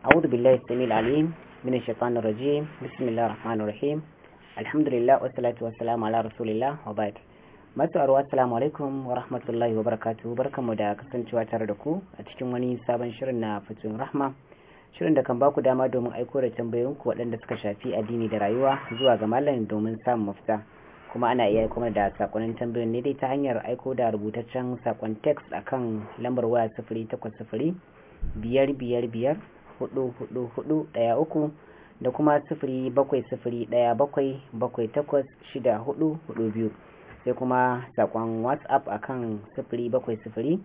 أعوذ بالله السميع العليم من الشيطان الرجيم بسم الله الرحمن الرحيم الحمد لله والصلاة والسلام على رسول الله وبعد masu arwa assalamu wa rahmatullahi wa barakatu barkanmu da kasancewa tare da ku a cikin wani sabon shirin na fitun rahma shirin da kan ba ku dama domin aiko da tambayoyinku waɗanda suka shafi addini da rayuwa zuwa ga malam domin samun mafita kuma ana iya aiko da sakonnin tambayoyin ne dai ta hanyar aiko da rubutaccen sakon a kan lambar waya sifiri takwas sifiri biyar biyar biyar hudu hudu hudu daya uku da kuma sifiri bakwai sifiri daya bakwai bakwai takwas shida hudu hudu biyu sai kuma sakon whatsapp akan sifiri bakwai sifiri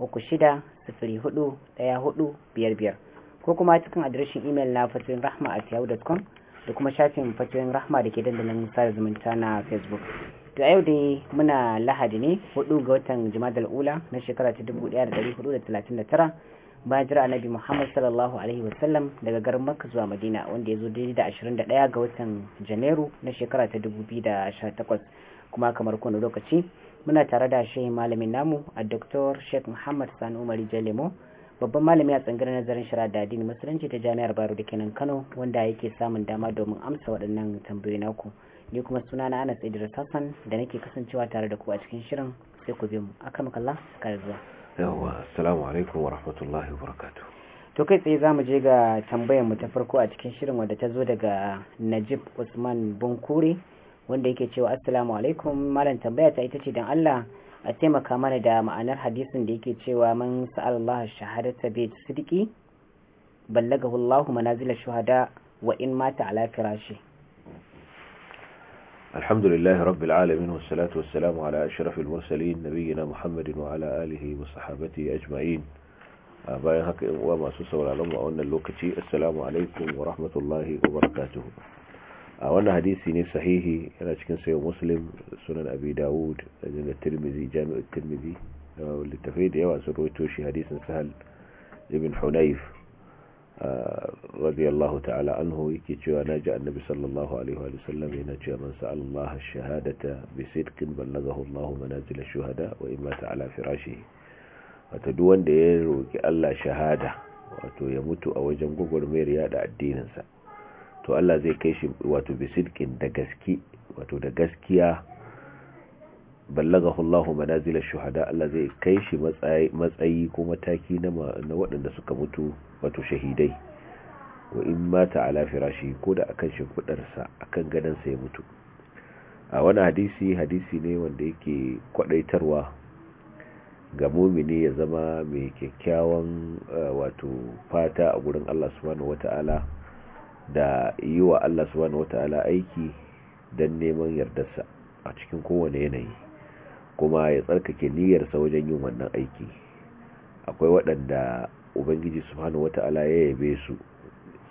uku shida sifiri hudu daya hudu biyar biyar ko kuma cikin adireshin imel na fatoyin rahma a yahoo.com da kuma shafin fatoyin rahma da ke dandalin sada zumunta na facebook to yau dai muna lahadi ne 4 ga watan jimadal ula na shekara ta 1439 bajira jira annabi Muhammad sallallahu alaihi sallam daga garin Makka zuwa Madina wanda ya zo daidai da 21 ga watan Janairu na shekara ta 2018 kuma kamar kowane lokaci muna tare da shehin malamin namu a Dr. Sheikh Muhammad Sani Umar Jalemo babban malami a tsangirar nazarin shari'a da addini musulunci ta jami'ar Baro da kenan Kano wanda yake samun dama domin amsa waɗannan tambayoyi naku ni kuma suna na Anas Idris Hassan da nake kasancewa tare da ku a cikin shirin sai ku bi mu aka makalla ka zuwa yawwa assalamu alaikum wa rahmatullahi wa barakatuh to kai tsaye za mu je ga tambayar mu ta farko a cikin shirin wadda ta zo daga najib usman bunkuri wanda yake cewa assalamu alaikum malam tambaya ta ita ce dan allah a taimaka mana da ma'anar hadisin da yake cewa man sa'alallah shahadata bi sidiki ballagahu allah manazila shuhada wa in mata ala firashi الحمد لله رب العالمين والصلاة والسلام على أشرف المرسلين نبينا محمد وعلى آله وصحابته أجمعين آه، وما سوسة والعلم وأن اللوكتي السلام عليكم ورحمة الله وبركاته آه، وأن حديثي صحيح أنا أشكن سيو مسلم سنن أبي داود أجل الترمذي جامع الترمذي آه، والتفيد يوأس رويتوشي حديث سهل ابن حنيف radiyallahu ta'ala anhu yake cewa na ji annabi sallallahu alaihi wa sallam yana cewa man sa'ala Allah shahadata bi sidqin ballagahu Allah manazil shuhada wa imma ta'ala firashihi wato duk wanda ya roki Allah shahada wato ya mutu a wajen gugurmayar yada addininsa to Allah zai kai shi wato bi wato da gaskiya ballagahu Allahu manazil shuhada Allah zai kai shi matsayi ko mataki na waɗanda suka mutu wato shahidai wa in mata ala firashi ko da akan shimfidarsa akan gadansa ya mutu a wani hadisi hadisi ne wanda yake kwadaitarwa ga mumini ya zama mai kyakkyawan eh, wato fata a gurin Allah subhanahu wata'ala da yi wa Allah subhanahu wata'ala aiki dan neman yardarsa a cikin kowane yanayi kuma ya tsarkake niyyarsa wajen yin wannan aiki akwai waɗanda ubangiji subhanahu wata'ala ya yabe su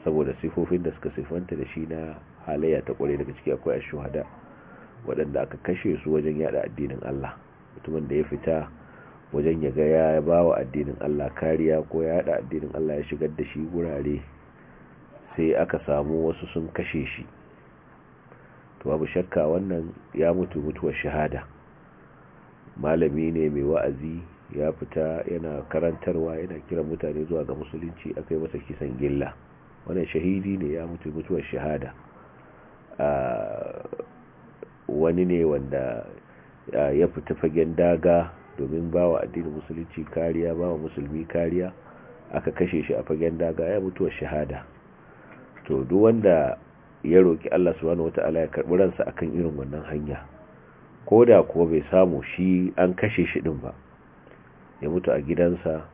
saboda sifofin da suka sifanta da shi na halayya ta kware daga ciki akwai ashuhada waɗanda aka kashe su wajen yada addinin Allah mutumin da ya fita wajen ya ga ya bawa addinin Allah kariya ko ya yada addinin Allah ya shigar da shi gurare sai aka samu wasu sun kashe shi to babu shakka wannan ya mutu mutuwar shahada malami ne mai wa'azi ya fita yana karantarwa yana kiran mutane zuwa ga musulunci aka yi masa kisan gilla wannan shahidi ne ya mutu mutuwar shahada ah, wani ne wanda ah, ya fita fagen daga domin ba wa addinin musulunci kariya ba wa musulmi kariya aka kashe shi a fagen daga ya mutuwar shahada to duk wanda ya roki Allah subhanahu wata'ala ya karɓi ransa akan irin wannan hanya ko da kuwa bai samu shi an kashe shi din ba ya mutu a gidansa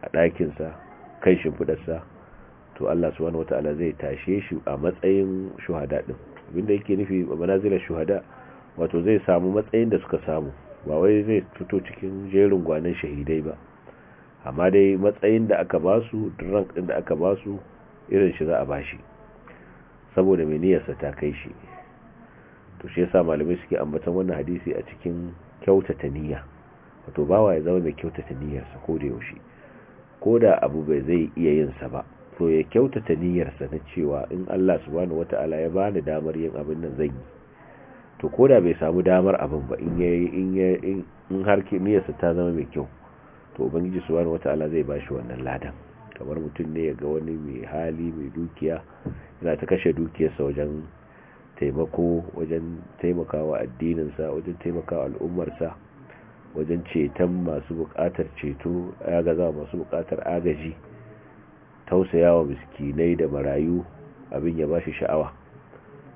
a ɗakinsa kan shimfiɗarsa to Allah subhanahu wata'ala zai tashe shi a matsayin shuhada din abinda yake nufi ba manazilar shuhada wato zai samu matsayin da suka samu ba wai zai fito cikin jerin gwanin shahidai ba amma dai matsayin da aka basu rank din da aka basu irin shi za a shi saboda mai niyyarsa ta kai shi to shi yasa malamai suke ambaton wannan hadisi a cikin kyautata niyya wato bawa ya zama mai kyautata sa ko da yaushe ko da abu bai zai iya yin sa ba to ya kyautata sa na cewa in Allah subhanahu wata'ala ya bani damar yin abin nan zan yi to ko da bai samu damar abin ba in ya in ya in har sa ta zama mai kyau to ubangiji subhanahu wata'ala zai bashi wannan ladan kamar mutum ne ya ga wani mai hali mai dukiya yana ta kashe dukiyarsa wajen taimako wajen taimakawa addininsa wajen taimakawa al'ummarsa wajen ceton masu bukatar ceto ya agaza masu bukatar agaji tausaya wa miskinai da marayu abin ya bashi sha'awa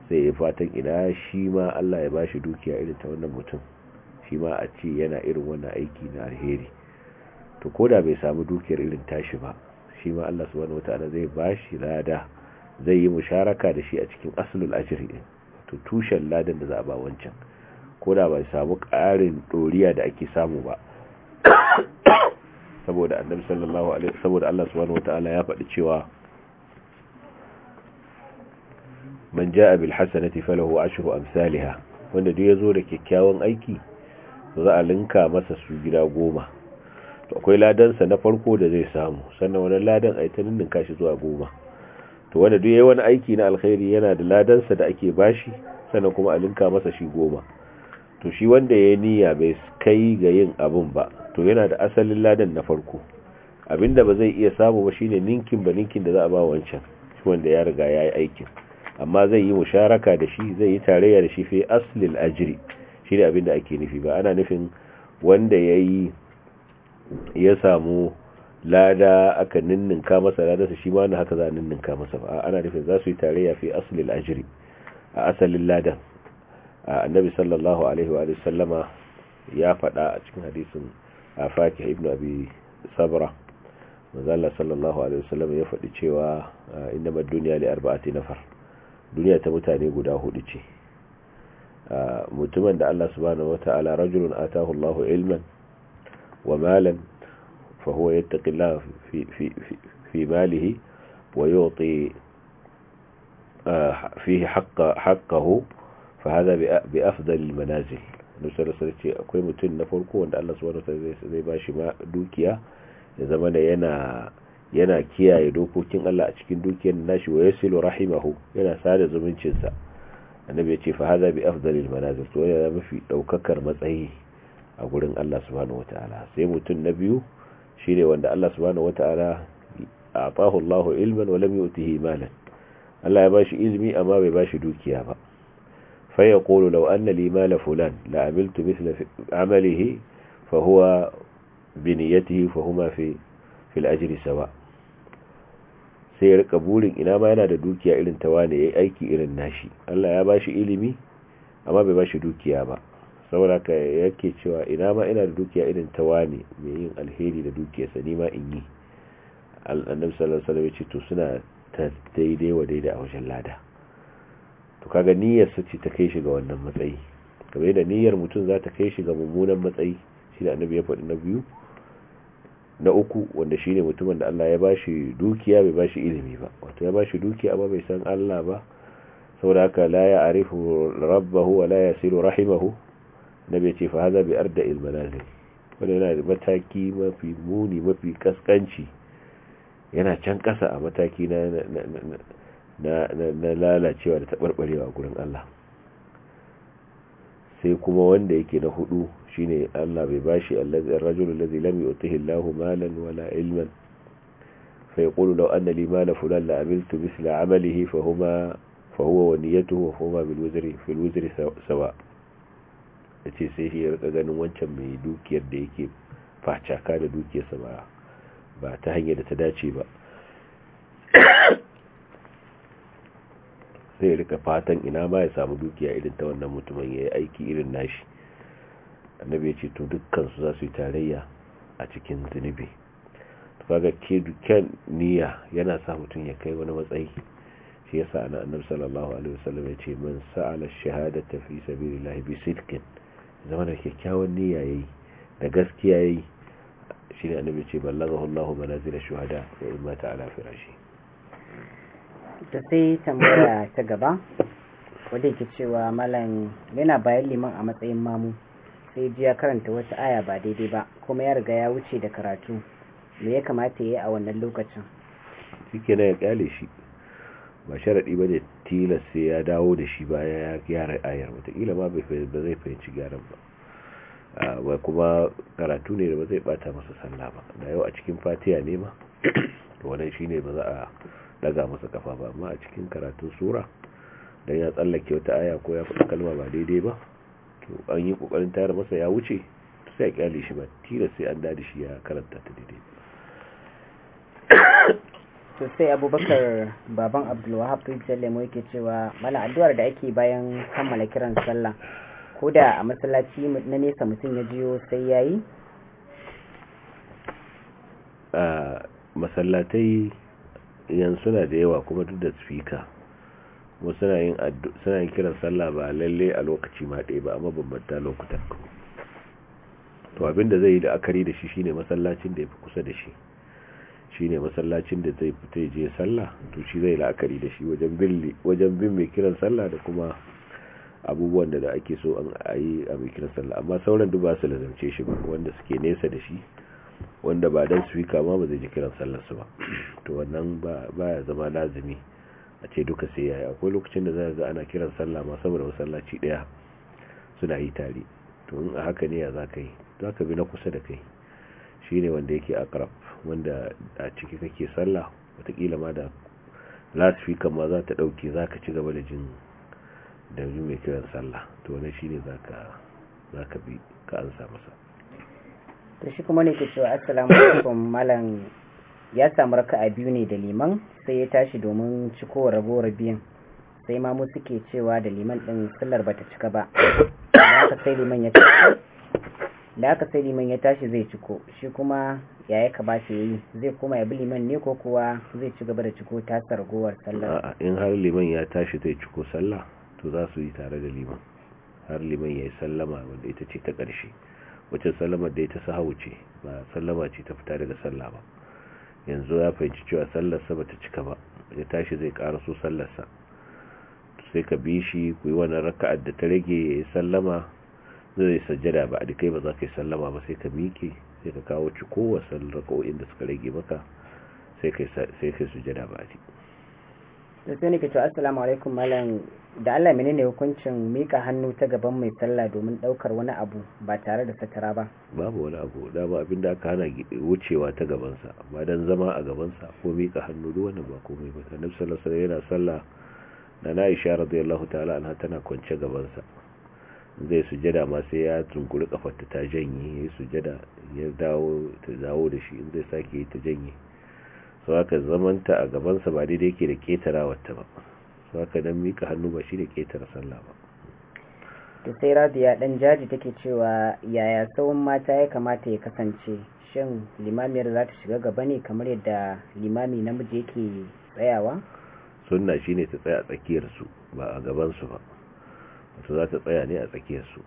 sai ya fatan ina shi ma Allah ya bashi dukiya irin ta wannan mutum shi ma a ce yana irin wannan aiki na alheri to koda bai samu dukiyar irin tashi ba shi ma Allah su wani wata zai shi lada zai yi musharaka da shi a cikin asalul ajiri to tushen ladan da za a ba wancan ko da bai samu ƙarin doriya da ake samu ba saboda annabi sallallahu alaihi saboda Allah subhanahu wataala ya faɗi cewa man jaa bil hasanati falahu ashru amsalha wanda duk yazo da kyakkyawan aiki za a linka masa su gida goma to akwai ladansa na farko da zai samu sannan wannan ladan a yi ta ninninka shi zuwa goma to wanda duk yayi wani aiki na alkhairi yana da ladansa da ake bashi sannan kuma a linka masa shi goma to shi wanda ya niyya bai kai ga yin abin ba to yana da asalin ladan na farko abinda ba zai iya samu ba shine ninkin ba ninkin da za a ba wancan shi wanda ya riga yayi aikin amma zai yi musharaka da shi zai yi tarayya da shi fi aslil ajri shine abinda ake nufi ba ana nufin wanda yayi ya samu lada aka ninninka masa ladarsa shi ma haka za a ninninka masa ba ana nufin za su yi tarayya fi asalin ajiri a asalin ladan annabi sallallahu alaihi wa sallama ya faɗa a cikin hadisin a fakih ibn abi sabra manzala sallallahu alaihi wa sallama ya faɗi cewa inda ma duniya li arba'ati nafar duniya ta mutane guda hudu ce mutumin da Allah subhanahu wata'ala rajulun atahu Allahu ilman wa malan فهو يتقي الله في, في, في, في باله ويعطي فيه حق حقه فهذا بأفضل المنازل nusar sarki akwai mutum na farko wanda Allah subhanahu wataala zai ba shi dukiya ya zama da yana kiyaye dokokin Allah a cikin dukiyar nashi wa yasilu rahimahu yana sada zumuncin sa annabi ya ce fa hadha bi afdalil manazil to yana mafi daukakar matsayi a gurin Allah subhanahu wataala sai mutum na biyu shine wanda Allah subhanahu a fahun lahu ilmin wa lam yu'tihi malam Allah ya ba shi ilmi amma bai bashi dukiya ba faya kolo lau anna li mala fulan la amiltu mithla amalihi fa huwa ya tihi fa fi fil sawa sai ya rika burin ina ma yana da dukiya irin ta wane yayi aiki irin nashi Allah ya bashi ilimi amma bai bashi dukiya ba saboda ka yake cewa ina ma ina da dukiya irin ta wani mai yin alheri da dukiyarsa ni ma in yi annabi sallallahu alaihi to suna ta daidai wa daidai a wajen lada to kaga niyyar su ce ta kai shi ga wannan matsayi kamar da niyyar mutum za ta kai shi ga mummunan matsayi shi da annabi ya faɗi na biyu na uku wanda shi ne mutumin da Allah ya ba shi dukiya bai ba shi ilimi ba wato ya ba shi dukiya ba bai san Allah ba saboda haka la ya arifu rabbahu wa la yasiru rahimahu na bai ce fa haza bi arda il manazil yana da mataki mafi muni mafi kaskanci yana can kasa a mataki na lalacewa da taɓarɓarewa gurin Allah sai kuma wanda yake na hudu shine Allah bai bashi allazi ar-rajulu allazi lam yu'tihi Allahu malan wala ilman fa yaqulu law anna li mala fulan la amiltu bisla amalihi fa huma fa huwa wa niyyatuhu ya ce sai shi ya rika ganin wancan mai dukiyar da yake facaka da dukiyarsa ba ba ta hanyar da ta dace ba sai rika fatan ina ma ya samu dukiya irin ta wannan mutumin ya yi aiki irin nashi annabi ya ce to dukkansu za su yi tarayya a cikin zunubi kaga ke dukkan niyya yana sa mutum ya kai wani matsayi shi ya sa'ana annabi sallallahu alaihi wasallam ya ce man sa'ala shahadata fi sabilillahi bi sidqin zama da kyakkyawan niyya yayi da gaskiya yayi shine annabi ce ballagahu Allahu manazil shuhada wa imma ta'ala firashi Ta sai tambaya ta gaba wanda ke cewa malam yana bayan liman a matsayin mamu sai ji ya karanta wata aya ba daidai ba kuma ya riga ya wuce da karatu me ya kamata ya yi a wannan lokacin shi ya kyale shi ba sharaɗi ba da tilas sai ya dawo da shi ba ya gyara ayar watakila ma ba zai fahimci gyaran ba ba kuma karatu ne da ba zai bata masa sallah ba da yau a cikin fatiya ne ma to wannan shine ba za a daga masa kafa ba amma a cikin karatun sura da ya tsallake wata aya ko ya faɗi kalma ba daidai ba to an yi kokarin tayar masa ya wuce sai ya kyale shi ba tilas sai an da shi ya karanta ta daidai sosai abubakar baban abdulwahab rijiyar lemo yake cewa mana addu'ar da ake bayan kammala kiran sallah ko da a masallaci na nesa mutum ya jiyo sai ya yi a masallatai yanzu suna da yawa kuma duk da spika kuma suna yin kiran sallah ba lalle a lokaci ma ɗaya ba amma bambanta lokutan to abinda zai yi da akari da shi shine masallacin da ya fi kusa da shi shi ne masallacin da zai fita je sallah to shi zai la'akari da shi wajen bin mai kiran sallah da kuma abubuwan da ake so an yi a mai kiran sallah amma sauran duk ba su lazimce shi ba wanda suke nesa da shi wanda ba dan yi ma ba zai ji kiran sallah su ba to wannan ba baya zama lazimi a ce duka sai yayi akwai lokacin da za ana kiran sallah ma saboda masallaci daya suna yi tare to in a haka ne ya za ka yi za ka bi na kusa da kai shi ne wanda yake akrab wanda a ciki kake sallah watakila ma da lasfika ma za ta ɗauke za ka ci gaba da jin da mai kiran sallah to wani shi ne za ka bi ka ansa masa to shi kuma ne ke cewa assalamu alaikum malam ya samu a biyu ne da liman sai ya tashi domin ciko ragowar biyan sai ma mu suke cewa da liman din sallar bata cika ba ka sai liman ya tashi da aka sai liman ya tashi zai ciko shi kuma ya ya bashi ya yi zai koma ya bi liman ne ko kuwa zai ci gaba da ciko ta sargowar sallah in har liman ya tashi zai ciko sallah to za su yi tare da liman har liman ya yi sallama wanda ita ce ta ƙarshe wacce sallamar da ita sahawu ce ba sallama ce ta fita daga sallah ba yanzu ya fahimci cewa sallarsa ba ta cika ba ya tashi zai ƙara so sallarsa sai ka bi shi ku yi wannan raka'ar da ta rage ya yi sallama zai sajjada ba da kai ba za ka yi sallama ba sai ka miƙe sai ka kawo ci kowa raka'o'in da suka rage maka sai kai sujjada ba da da sai ne ke ce assalamu alaikum malam da Allah ne hukuncin mika hannu ta gaban mai sallah domin daukar wani abu ba tare da satara ba babu wani abu da ba abin da aka hana wucewa ta gabansa ba dan zama a gabansa ko mika hannu duk wani ba komai ba annabi sallallahu alaihi wasallam yana sallah da na Aisha radiyallahu ta'ala anha tana kwance gabansa zai sujada ma sai ya tunkuri kafarta ta janye ya sujada ya dawo ta dawo da shi in zai sake yi ta janye sau haka zamanta a gabansa ba daidai yake da ketara wata ba sau haka don mika hannu ba shi da ketara sallah ba ta sai radiya dan jaji take cewa yaya tsawon mata ya kamata ya kasance shin limamiyar za ta shiga gaba ne kamar yadda limami namiji yake tsayawa sunna shine ta tsaya tsakiyar su ba a gaban ba wato za ta tsaya ne a tsakiyarsu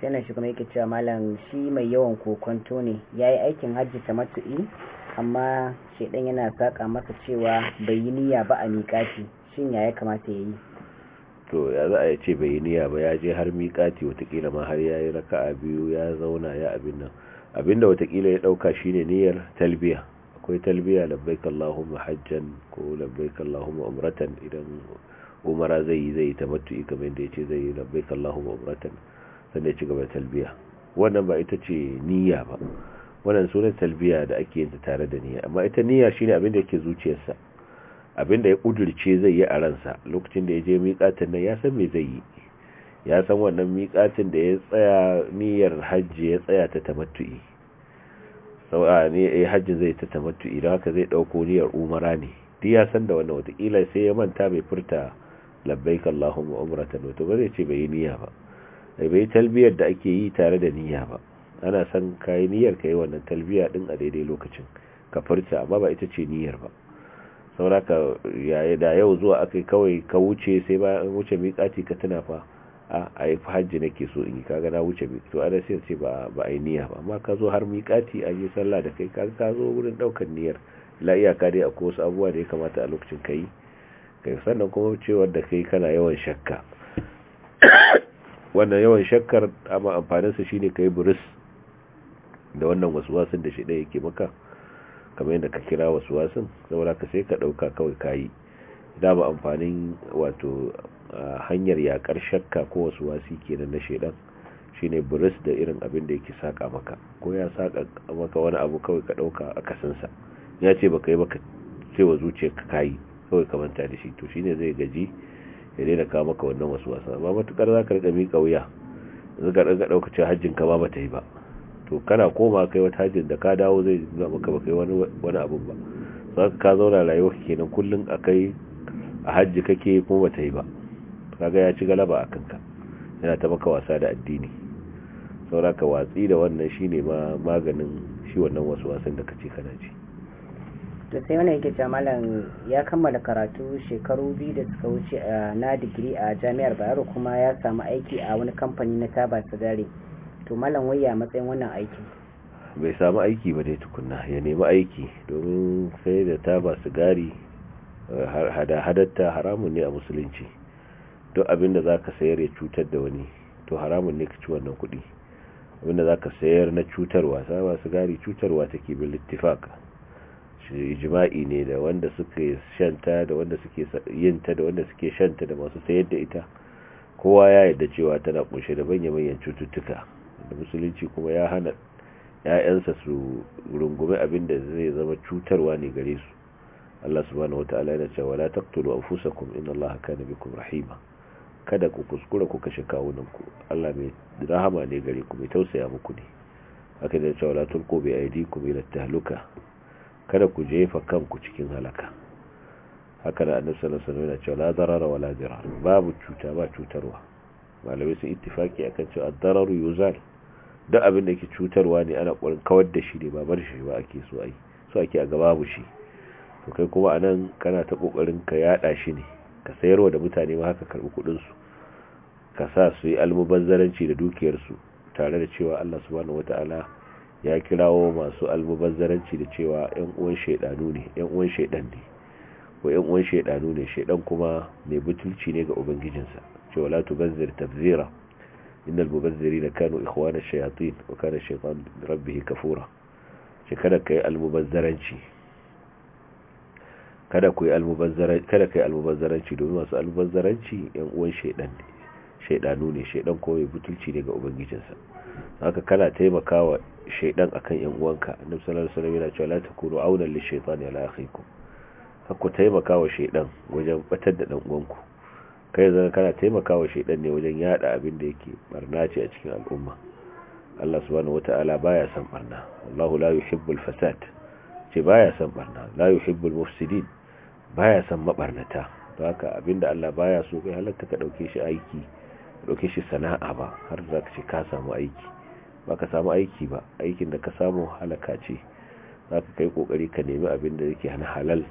sai shi kuma yake cewa malam shi mai yawan kokonto ne ya yi aikin hajji ta matu'i amma shaidan yana saka masa cewa bai yi niyya ba a miƙati shin ya ya kamata ya yi to ya za a ce bai yi niyya ba ya je har miƙati watakila ma har ya yi raka a biyu ya zauna ya abin nan abin da watakila ya ɗauka shine niyyar talbiya akwai talbiya labbaikallahu allahumma hajjan ko labbaik allahumma umratan idan umara zai yi zai yi tamattu'i kamar da ya ce zai yi kallahu Allahumma umratan sannan ya ci gaba da talbiya wannan ba ita ce niyya ba wannan sunan talbiya da ake yin tare da niyya amma ita niyya shine abin da yake zuciyarsa abin da ya kudurce zai yi a ransa lokacin da ya je miƙatin nan ya san me zai yi ya san wannan miƙatin da ya tsaya niyyar hajji ya tsaya ta tamattu'i a ne eh, yi hajjin zai ta matu'i idan haka zai ɗauko niyyar umara ne duk ya san da wannan wataƙila sai ya manta bai furta labbaik Allahumma umratan wato ba zai ce bai yi niyya ba bai talbiyar da ake yi tare da niyya ba ana san kai niyyar kai wannan talbiya din a daidai lokacin ka furta amma ba ita ce niyyar ba sauraka yaya da yau zuwa akai kawai ka wuce sai ba wuce miƙati ka tuna fa a ai hajji nake so in yi kaga na wuce mi to ana sai ce ba ba ai niyya ba amma ka zo har miƙati a yi sallah da kai kaga ka zo wurin daukar niyyar la iyaka dai akwai wasu abubuwa da ya kamata a lokacin yi. kai sannan kuma wucewar da kai kana yawan shakka wannan yawan shakkar amma amfaninsa shi ne kai buris da wannan wasan da shi ɗaya yake maka kamar yadda ka kira wasu wasan saboda ka sai ka ɗauka kawai kayi yi dama amfanin wato hanyar yakar shakka ko wasu ke kenan na shaidan ne buris da irin abin da yake saƙa maka ko ya saƙa maka wani abu kawai ka ɗauka kasansa ya ce ba baka yi baka cewa ka kayi kawai ka manta da shi to shine zai gaji ya daina ka maka wannan wasu wasa ba matukar za ka riga miƙa wuya yanzu ka riga ɗaukacin hajjin ka ba ba ta yi ba to kana koma kai wata hajjin da ka dawo zai nuna maka ba kai wani abun ba za ka zauna rayuwa kenan kullum a kai a hajji kake kuma ba ta yi ba kaga ya ci galaba a kanka yana ta maka wasa da addini sauraka watsi da wannan shine ma maganin shi wannan wasu wasan da kace kana ci to sai wani yake cewa malam ya kammala karatu shekaru biyu da suka wuce na digiri a jami'ar bayero kuma ya samu aiki a wani kamfani na taba sigari to malam wai ya matsayin wannan aiki. bai samu aiki ba dai tukunna ya nemi aiki domin sai da taba sigari eh, hada-hadatta haramun ne a musulunci duk abin da zaka sayar ya cutar da wani to haramun ne ka ci wannan kuɗi abin da zaka sayar na cutarwa saba sigari cutarwa take bil ittifaka ijma'i ne da wanda suke shanta da wanda suke yinta da wanda suke shanta da masu sayar da ita kowa ya yarda cewa tana kunshe da manya-manyan cututtuka da musulunci kuma ya hana ‘ya'yansa su rungume abin da zai zama cutarwa ne gare su Allah subhanahu wata'ala yana cewa la taqtulu anfusakum inna Allaha kana bikum rahima kada ku kuskura ku kashe kawunanku Allah mai rahama ne gare ku mai tausaya muku ne haka da cewa la tulqu bi aydikum ila tahluka kada ku jefa kanku cikin halaka haka da annabi sallallahu alaihi wasallam yana cewa la darara wala dirar babu cuta ba cutarwa malamai sun ittifaki akan cewa ad-dararu yuzal duk abin da yake cutarwa ne ana ƙoƙarin kawar da shi ne ba bar shi ba ake so ai so ake a babu shi to kai kuma anan kana ta ƙoƙarin ka yada shi ne ka sayarwa da mutane ma haka karɓi kuɗin su ka sa su yi almubazzaranci da dukiyar su tare da cewa Allah subhanahu wataala ya kirawo masu almubazzaranci da cewa ‘yan uwan shaidanu ne ‘yan uwan shaidan ne ko ‘yan uwan shaidanu ne shaidan kuma mai butulci ne ga ubangijinsa cewa la tubazzir tabzira innal mubazzirina kanu ikhwana shayatin wa kana shaytan rabbih kafura ce kada kai almubazzaranci kada ku yi almubazzaranci kada kai almubazzaranci domin masu almubazzaranci ‘yan uwan shaidan ne shaidanu ne shaidan kuma mai butulci ne ga ubangijinsa haka kana taimakawa shaidan akan yan uwanka annabi sallallahu alaihi wasallam yana cewa la takunu auna li shaytan ya akhikum hakku taimaka wa shaidan wajen batar da dan uwanku kai zan kana taimakawa wa shaidan ne wajen yada abin da yake barna ce a cikin al'umma Allah subhanahu wataala baya san barna wallahu la yuhibbul fasad ce baya san barna la yuhibbul mufsidin baya san mabarnata don haka abinda Allah baya so kai halatta ka dauke shi aiki dauke shi sana'a ba har zaka ce ka samu aiki ba ka samu aiki ba aikin da ka samu halaka ce za ka kai kokari ka nemi abin da yake hana halal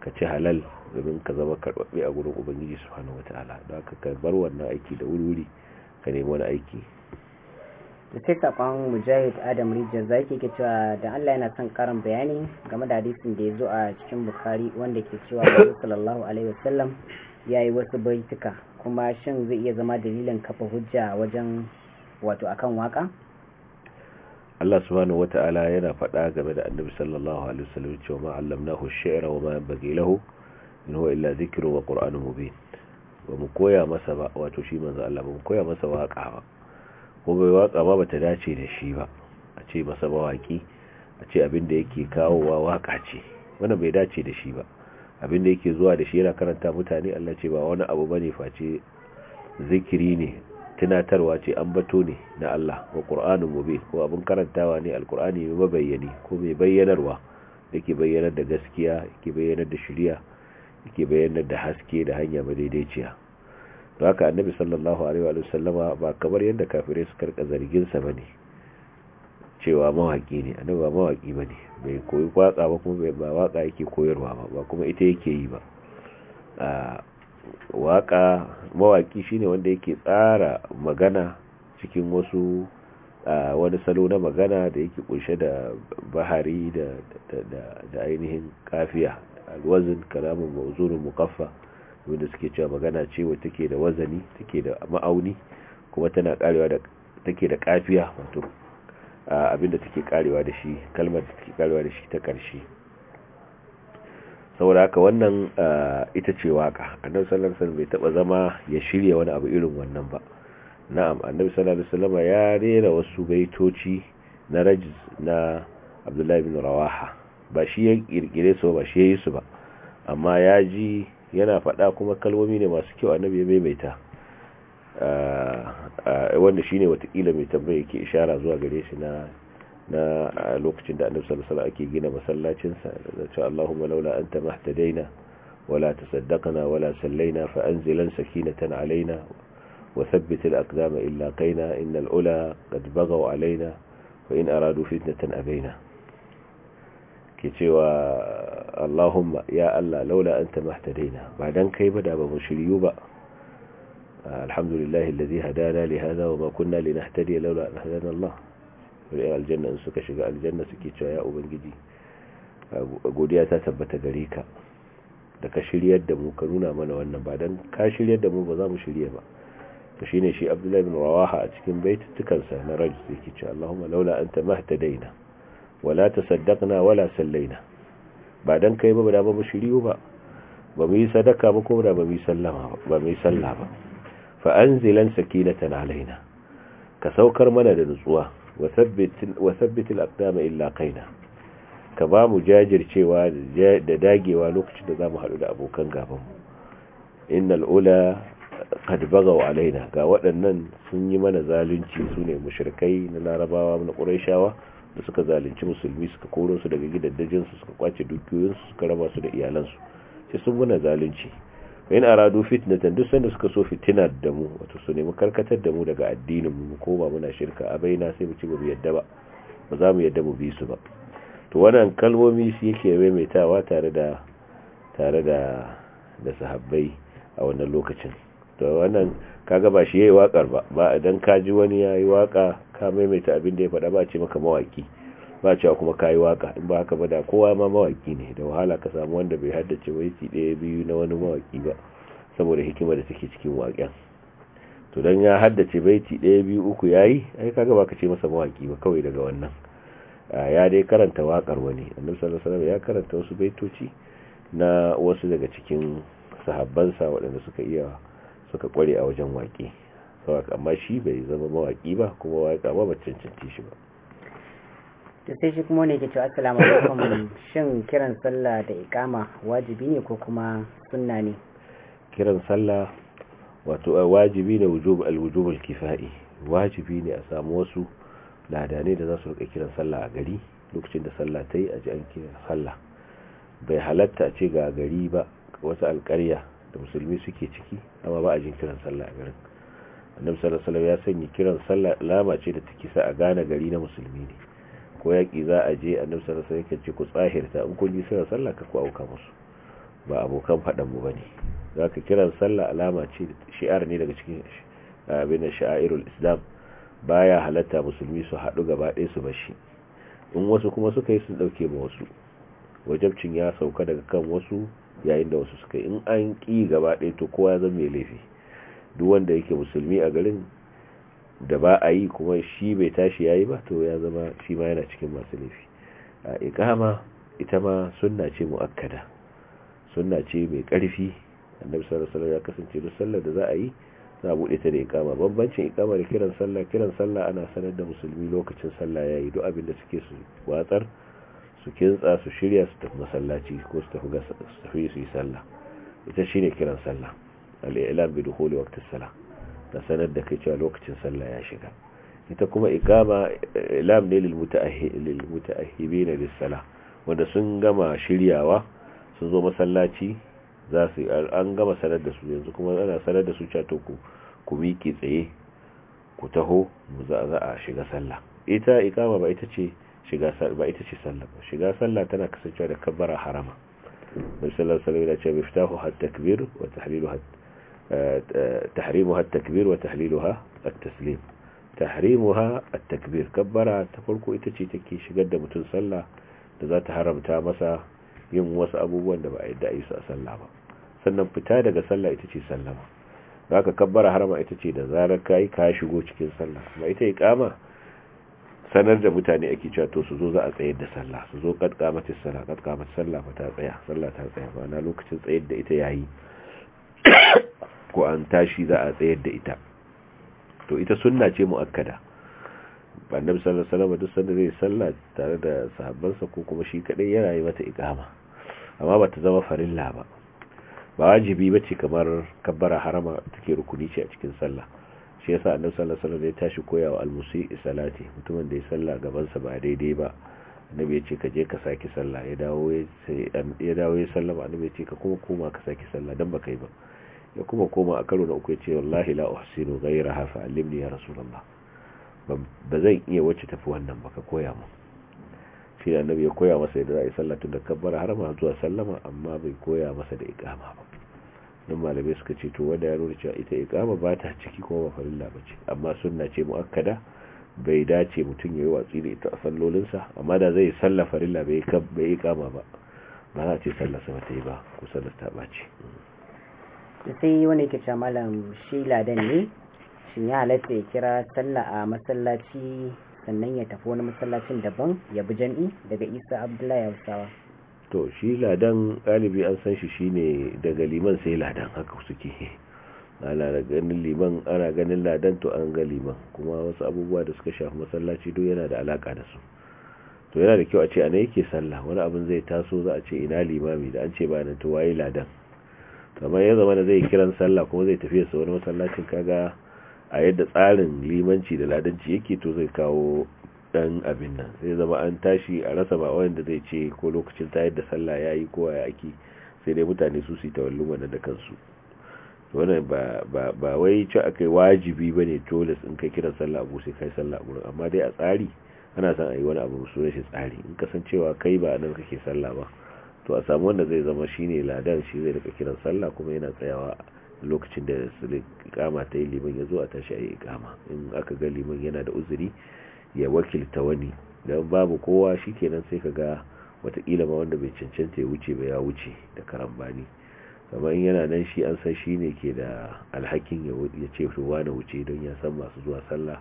ka ci halal domin ka zama karɓaɓɓe a gurin ubangiji hannu wata don za ka bar wannan aiki da wuri ka nemi wani aiki da sai sakon mujahid adam rijiyar zaki ke cewa da allah yana son karin bayani game da hadisin da ya zo a cikin bukari wanda ke cewa wasu sallallahu alaihi wasallam ya yi wasu baituka kuma shin zai iya zama dalilin kafa hujja wajen wato akan waka Allah subhanahu wata'ala yana faɗa game da annabi sallallahu alaihi wasallam cewa ma allamnahu ash-shi'ra wa ma yanbaghi lahu in huwa illa dhikru wa qur'anun mubin wa mu koya masa ba wato shi manzo Allah ba mu koya masa waka ba ko bai waka ba bata dace da shi ba a ce masa waki a ce abin da yake kawowa waka ce wannan bai dace da shi ba abin da yake zuwa da shi yana karanta mutane Allah ce ba wani abu bane face zikiri ne tunatarwa ce an bato ne na Allah wa Qur'anun mube ko abin karantawa ne alqur'ani mai mabayyani ko mai bayyanarwa yake bayyanar da gaskiya yake bayyanar da shari'a yake bayyanar da haske da hanya madaidaiciya don haka annabi sallallahu alaihi wa sallama ba kamar yadda kafirai su karka zargin sa bane cewa mawaki ne annabi ba mawaki bane bai koyi kwatsa ba kuma ba watsa yake koyarwa ba ba kuma ita yake yi ba ah, waka mawaki shine wanda yake tsara magana cikin wasu wani salo na magana da yake kunshe da bahari da da ainihin kafiya alwazin kalamun mawzunin mukaffa wanda suke cewa magana ce wacce take da wazani take da ma'auni kuma tana karewa da take da kafiya wato abinda take karewa da shi kalmar da take karewa da shi ta ƙarshe. saboda haka wannan eh, ita ce waka annabi sallallahu alaihi wasallam bai taba zama ya shirya wani abu irin wannan ba na'am annabi sallallahu alaihi wasallam ya rera wasu baitoci na rajiz na abdullahi bin rawaha ba shi ya kirkire su ba shi ya yi su ba amma ya ji yana faɗa kuma kalmomi ne masu kyau annabi ya maimaita eh, eh, wanda shine watakila mai tambaya yake ishara zuwa gare shi na na lokacin da annabi sallallahu alaihi ake gina masallacinsa da cewa Allahumma laula anta mahtadaina wala tasaddaqna wala sallaina fa anzilan sakinatan alaina wa thabbit al-aqdama illa qaina innal ula qad bagaw alaina fa in aradu fitnatan abaina ke cewa Allahumma ya Allah laula anta mahtadaina ba dan kai ba da ba mu shiryu ba alhamdulillahi alladhi hadana li hadha wa ma kunna linahtadiya laula hadana Allah wurin aljanna in suka shiga aljanna suke cewa ya ubangiji godiya ta tabbata gare ka da ka shiryar da mu ka nuna mana wannan ba don ka shiryar da mu ba za mu shirya ba shi ne shi abdullahi bin rawaha a cikin baitutukansa na zai ke cewa allahumma laula an anta daina wala ta na wala sallaina ba don kai ba ba mu shiryu ba ba mu yi sadaka ba ko da ba mu yi sallama ba mu yi sallah ba fa anzilan sakinatan alaina ka saukar mana da nutsuwa wa sabbitil aqdama illa qaina ka ba mu jajircewa da dagewa lokacin da zamu haɗu da abokan gaban mu innal ula qad bagaw alaina ga waɗannan sun yi mana zalunci sune ne na larabawa na quraishawa da suka zalunci musulmi suka koro su daga gidaddajin su suka kwace dukiyoyinsu su suka raba su da iyalansu su sai sun muna zalunci in aradu fitnatan duk sanda suka so fitina da mu wato su nemi karkatar da mu daga addinin mu ko ba muna shirka a baina sai mu ci mu yadda ba ba za mu yadda mu bi su ba to wannan kalmomi su yake maimaitawa tare da tare da da sahabbai a wannan lokacin to wannan kaga ba shi yayi wakar ba ba idan kaji ji wani yayi waka ka maimaita abin da ya faɗa ba ce maka mawaki ba cewa kuma kayi waka in ba haka ba da kowa ma mawaki ne da wahala ka samu wanda bai haddace baiti ɗaya biyu na wani mawaki ba saboda hikima da take cikin waken to dan ya haddace baiti ɗaya biyu uku yayi ai kaga ka ce masa mawaki ba kawai daga wannan ya dai karanta wakar wani annabi sallallahu alaihi ya karanta wasu baitoci na wasu daga cikin sahabbansa waɗanda suka iya suka kware a wajen waƙe saboda amma shi bai zama mawaki ba kuma waƙa ba ba cancanci shi ba to sai shi kuma ne ke cewa assalamu alaikum shin kiran sallah da ikama wajibi ne ko kuma sunna ne kiran sallah wato eh, wajibi ne wujub al-wujub al-kifai wajibi ne a samu wasu ladane da za su rika kiran sallah a gari lokacin da sallah ta yi a ji an kiran sallah bai halatta a ce ga gari ba wata alƙarya da musulmi suke ciki amma ba a jin kiran sallah a garin annabi sallallahu alaihi wasallam ya sanya kiran sallah alama ce da take sa a gane gari na musulmi ne ko yaƙi za a je a sallallahu alaihi wasallam ce ku tsahirta in kun yi suna sallah ka ku auka musu ba abokan faɗan mu bane zaka kira sallah alama ce shi'ar ne daga cikin abin da sha'irul islam baya halatta musulmi su haɗu gaba ɗaya su bashi in wasu kuma suka yi su ɗauke ma wasu wajabcin ya sauka daga kan wasu yayin da wasu suka yi in an ƙi gaba ɗaya to kowa ya zama mai laifi duk wanda yake musulmi a garin da ba a yi kuma shi bai tashi yayi ba to ya zama shi ma yana cikin masu laifi a iqama ita ma sunna ce muakkada sunna ce mai karfi annabi sallallahu alaihi wasallam ya kasance duk sallar da za a yi za a bude ta da iqama bambancin iqama da kiran sallah kiran sallah ana sanar da musulmi lokacin sallah yayi duk abin da suke su watsar su kintsa su shirya su tafi masallaci ko su tafi su yi sallah ita shine kiran sallah al ilan bi dukhuli waqti salah ta sanar da kai cewa lokacin sallah ya shiga ita kuma ikama lam ne lil mutaahhibina lis salah wanda sun gama shiryawa sun zo masallaci za su an gama sanar da su yanzu kuma ana sanar da su cewa to ku ku miƙe tsaye ku taho mu za za a shiga sallah ita ikama ba ita ce shiga ba ita ce sallah ba shiga sallah tana kasancewa da kabbara harama sallallahu alaihi sallam ya ce biftahu hatta takbir wa tahlilu hatta تحريمها التكبير وتحليلها التسليم تحريمها التكبير كبرة shigar da mutum sallah da صلى ذات حرم تامسا yin wasu abubuwan da ba a yadda a yi su a sallah ba sannan fita daga sallah ita ce sallama da aka kabbara harama ita ce da zarar ka yi shigo cikin sallah amma ita iqama sanar da mutane a cewa to su zo za a tsayar da sallah su zo kad sallah kad sallah ba ta tsaya sallah ta tsaya ba na lokacin tsayar da ita yayi ko an tashi za a tsayar da ita to ita sunna ce muakkada annabi sallallahu alaihi wasallam duk sanda zai sallah tare da sahabbansa ko kuma shi kadai yana yi mata iqama amma bata zama farilla ba ba wajibi bace kamar kabbara harama take rukuni ce a cikin sallah shi yasa annabi sallallahu alaihi wasallam ya tashi koyawa almusi salati mutumin da ya salla gaban sa ba daidai ba annabi ya ce ka je ka saki sallah ya dawo ya dawo ya sallama annabi ya ce ka kuma koma ka saki sallah dan baka yi ba ya kuma koma a karo na uku ya ce wallahi la uhsinu ha fa allimni ya rasulullah ba zan iya wacce tafi wannan ba ka koya mu shi da annabi ya koya masa yadda za a yi da kabbara har ma zuwa sallama amma bai koya masa da iqama ba don malamai suka ce to wanda ya nuna cewa ita iqama ba ta ciki kuma ba farilla ba ce amma sunna ce muakkada bai dace mutum ya yi watsi da ita a sallolinsa amma da zai salla farilla bai yi iqama ba ba za a ce sallarsa ba ta yi ba ko sallar ta ba ce sai wani ke cewa malam shi ladan ne shin ya halatta ya kira sallah a masallaci sannan ya tafi wani masallacin daban ya bi jami'i daga isa abdullahi hausawa to shi ladan galibi an san shi shine daga liman sai ladan haka suke ana ganin liman ana ganin ladan to an ga liman kuma wasu abubuwa da suka shafi masallaci duk yana da alaka da su to yana da kyau a ce ana yake sallah wani abin zai taso za a ce ina limami da an ce ba nan to waye ladan kamar ya zama da zai kiran sallah kuma zai tafiya su wani masallacin kaga a yadda tsarin limanci da ladanci yake to zai kawo dan abin nan sai zama an tashi a rasa ba wanda zai ce ko lokacin tayar da sallah ya yi ko ya aki sai dai mutane su su yi na da kansu wannan ba wai ci a kai wajibi ba ne dole in kai kiran sallah abu sai kai sallah gurin amma dai a tsari ana son a yi wani abu su rashin tsari in kasancewa kai ba nan kake sallah ba to a samu wanda zai zama shine ladan shi zai rika kiran sallah kuma yana tsayawa lokacin da su kama ta yi liman ya zo a tashi a yi kama in aka ga liman yana da uzuri ya wakilta wani don babu kowa shi kenan sai ka ga watakila ma wanda bai cancanta ya wuce ba ya wuce da karambani kamar in yana nan shi an san shi ne ke da alhakin ya ce ruwa na wuce don ya san masu zuwa sallah